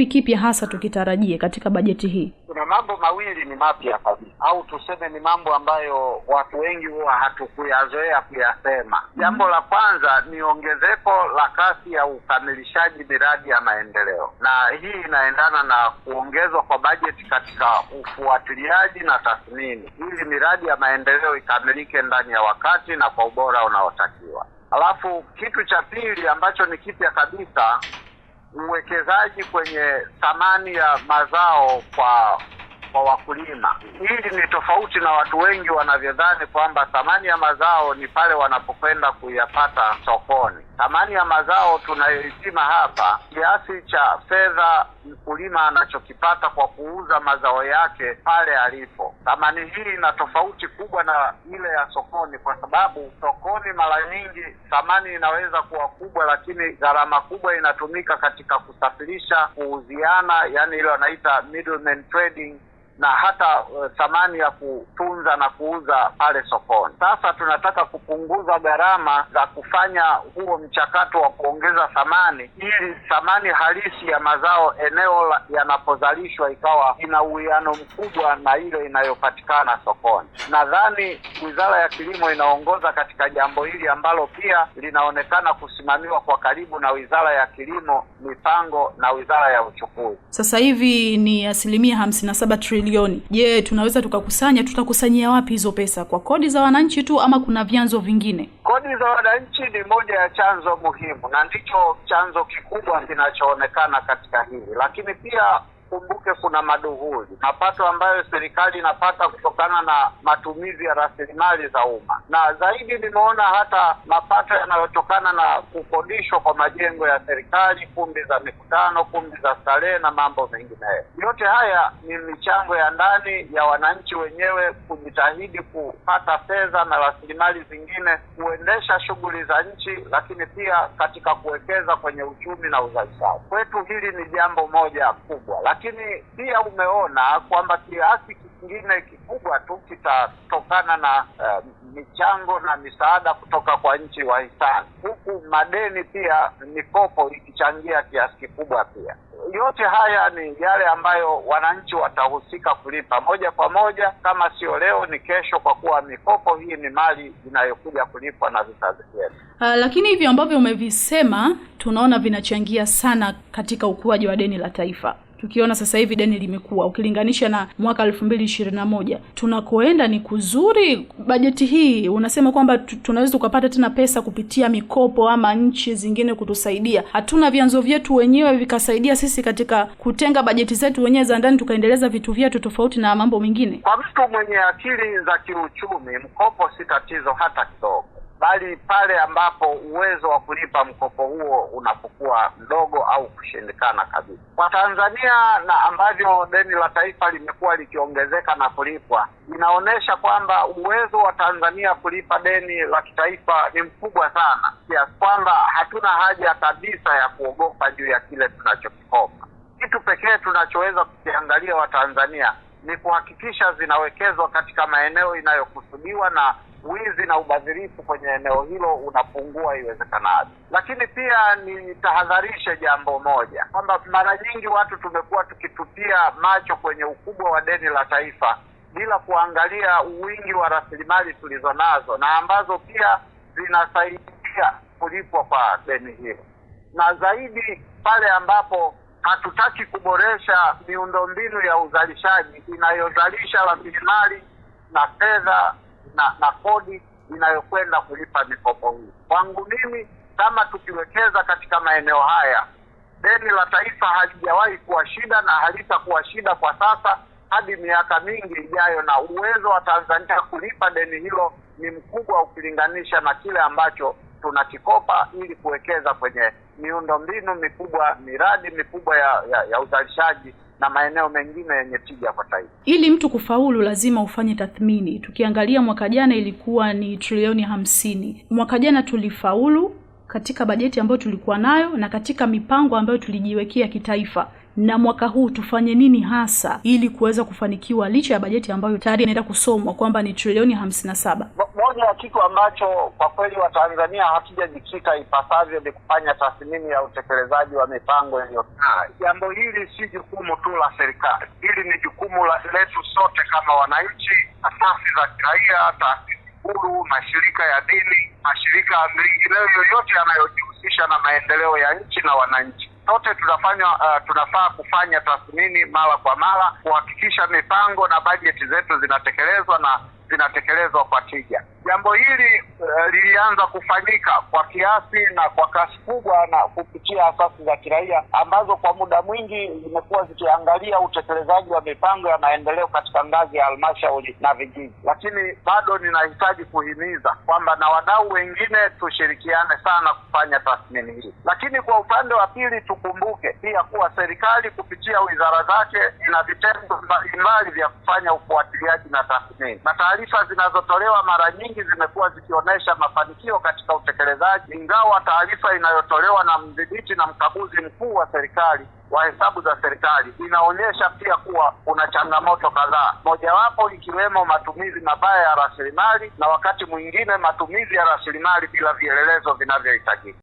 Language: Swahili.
kipi kipi hasa tukitarajie katika bajeti hii? Kuna mambo mawili ni mapya kabisa, au tuseme ni mambo ambayo watu wengi huwa hatukuyazoea kuyasema. Jambo mm -hmm. la kwanza ni ongezeko la kasi ya ukamilishaji miradi ya maendeleo, na hii inaendana na kuongezwa kwa bajeti katika ufuatiliaji na tathmini, ili miradi ya maendeleo ikamilike ndani ya wakati na kwa ubora unaotakiwa. Alafu kitu cha pili ambacho ni kipya kabisa uwekezaji kwenye thamani ya mazao kwa kwa wakulima. Hili ni tofauti na watu wengi wanavyodhani kwamba thamani ya mazao ni pale wanapokwenda kuyapata sokoni thamani ya mazao tunayoipima hapa kiasi cha fedha mkulima anachokipata kwa kuuza mazao yake pale alipo. Thamani hii ina tofauti kubwa na ile ya sokoni, kwa sababu sokoni mara nyingi thamani inaweza kuwa kubwa, lakini gharama kubwa inatumika katika kusafirisha, kuuziana, yani ile wanaita middleman trading na hata uh, thamani ya kutunza na kuuza pale sokoni. Sasa tunataka kupunguza gharama za kufanya huo mchakato wa kuongeza thamani, ili thamani halisi ya mazao eneo yanapozalishwa ikawa ina uwiano mkubwa na ile inayopatikana sokoni. Nadhani Wizara ya Kilimo inaongoza katika jambo hili ambalo pia linaonekana kusimamiwa kwa karibu na Wizara ya Kilimo, Mipango na Wizara ya Uchukuzi. Sasa hivi ni asilimia hamsini na saba trilioni bilioni. Je, tunaweza tukakusanya? Tutakusanyia wapi hizo pesa? Kwa kodi za wananchi tu ama kuna vyanzo vingine? Kodi za wananchi ni moja ya chanzo muhimu na ndicho chanzo kikubwa kinachoonekana katika hili, lakini pia Tukumbuke kuna maduhuli, mapato ambayo serikali inapata kutokana na matumizi ya rasilimali za umma, na zaidi nimeona hata mapato yanayotokana na kukodishwa kwa majengo ya serikali, kumbi za mikutano, kumbi za starehe na mambo mengineyo. Yote haya ni michango ya ndani ya wananchi wenyewe kujitahidi kupata fedha na rasilimali zingine kuendesha shughuli za nchi, lakini pia katika kuwekeza kwenye uchumi na uzalishaji. Kwetu hili ni jambo moja kubwa lakini pia umeona kwamba kiasi kingine kikubwa tu kitatokana na uh, michango na misaada kutoka kwa nchi hisani, huku madeni pia mikopo ikichangia kiasi kikubwa pia. Yote haya ni yale ambayo wananchi watahusika kulipa moja kwa moja, kama sio leo ni kesho, kwa kuwa mikopo hii ni mali inayokuja kulipwa na vizazi vyetu. Uh, lakini hivyo ambavyo umevisema tunaona vinachangia sana katika ukuaji wa deni la taifa tukiona sasa hivi deni limekuwa ukilinganisha na mwaka elfu mbili ishirini na moja tunakoenda ni kuzuri. Bajeti hii unasema kwamba tunaweza tukapata tena pesa kupitia mikopo ama nchi zingine kutusaidia, hatuna vyanzo vyetu wenyewe vikasaidia sisi katika kutenga bajeti zetu wenyewe za ndani tukaendeleza vitu vyetu tofauti na mambo mengine. Kwa mtu mwenye akili za kiuchumi, mkopo si tatizo hata kidogo bali pale ambapo uwezo wa kulipa mkopo huo unapokuwa mdogo au kushindikana kabisa. Kwa Tanzania na ambavyo deni la taifa limekuwa likiongezeka na kulipwa, inaonyesha kwamba uwezo wa Tanzania kulipa deni la kitaifa ni mkubwa sana, kiasi kwamba hatuna haja kabisa ya kuogopa juu ya kile tunachokikopa. Kitu pekee tunachoweza kukiangalia Watanzania ni kuhakikisha zinawekezwa katika maeneo inayokusudiwa na wizi na ubadhirifu kwenye eneo hilo unapungua iwezekanavyo. Lakini pia nitahadharishe jambo moja kwamba mara nyingi watu tumekuwa tukitupia macho kwenye ukubwa wa deni la taifa bila kuangalia wingi wa rasilimali tulizo nazo na ambazo pia zinasaidia kulipwa kwa deni hilo, na zaidi pale ambapo hatutaki kuboresha miundombinu ya uzalishaji inayozalisha rasilimali na fedha na, na kodi inayokwenda kulipa mikopo hii. Kwangu mimi, kama tukiwekeza katika maeneo haya, deni la taifa halijawahi kuwa shida na halitakuwa shida kwa sasa hadi miaka mingi ijayo, na uwezo wa Tanzania kulipa deni hilo ni mkubwa ukilinganisha na kile ambacho tunakikopa ili kuwekeza kwenye miundombinu mikubwa, miradi mikubwa ya, ya, ya uzalishaji na maeneo mengine yenye tija kwa taifa. Ili mtu kufaulu lazima ufanye tathmini. Tukiangalia mwaka jana ilikuwa ni trilioni hamsini. Mwaka jana tulifaulu katika bajeti ambayo tulikuwa nayo na katika mipango ambayo tulijiwekea kitaifa na mwaka huu tufanye nini hasa ili kuweza kufanikiwa licha ya bajeti ambayo tayari inaenda kusomwa kwamba ni trilioni hamsini na saba moja ya kitu ambacho kwa kweli Watanzania hatujajikita ipasavyo ni kufanya tathmini ya utekelezaji wa mipango iliyokaa. Ah, jambo hili si jukumu tu la serikali, hili ni jukumu letu sote kama wananchi, asasi za kiraia, taasisi huru, mashirika ya dini, mashirika ya maendeleo yoyote yanayojihusisha na maendeleo ya nchi na wananchi sote tunafanya uh, tunafaa kufanya tathmini mara kwa mara kuhakikisha mipango na bajeti zetu zinatekelezwa na zinatekelezwa kwa tija jambo hili uh, lilianza kufanyika kwa kiasi na kwa kasi kubwa na kupitia asasi za kiraia ambazo kwa muda mwingi zimekuwa zikiangalia utekelezaji wa mipango ya maendeleo katika ngazi ya halmashauri na vijiji, lakini bado ninahitaji kuhimiza kwamba na wadau wengine tushirikiane sana kufanya tathmini hii. Lakini kwa upande wa pili, tukumbuke pia kuwa serikali kupitia wizara zake ina vitendo mbalimbali vya kufanya ufuatiliaji na tathmini, na taarifa zinazotolewa mara nyingi nyingi zimekuwa zikionyesha mafanikio katika utekelezaji, ingawa taarifa inayotolewa na mdhibiti na mkaguzi mkuu wa serikali wa hesabu za serikali inaonyesha pia kuwa kuna changamoto kadhaa, mojawapo ikiwemo matumizi mabaya ya rasilimali na wakati mwingine matumizi ya rasilimali bila vielelezo vinavyohitajika.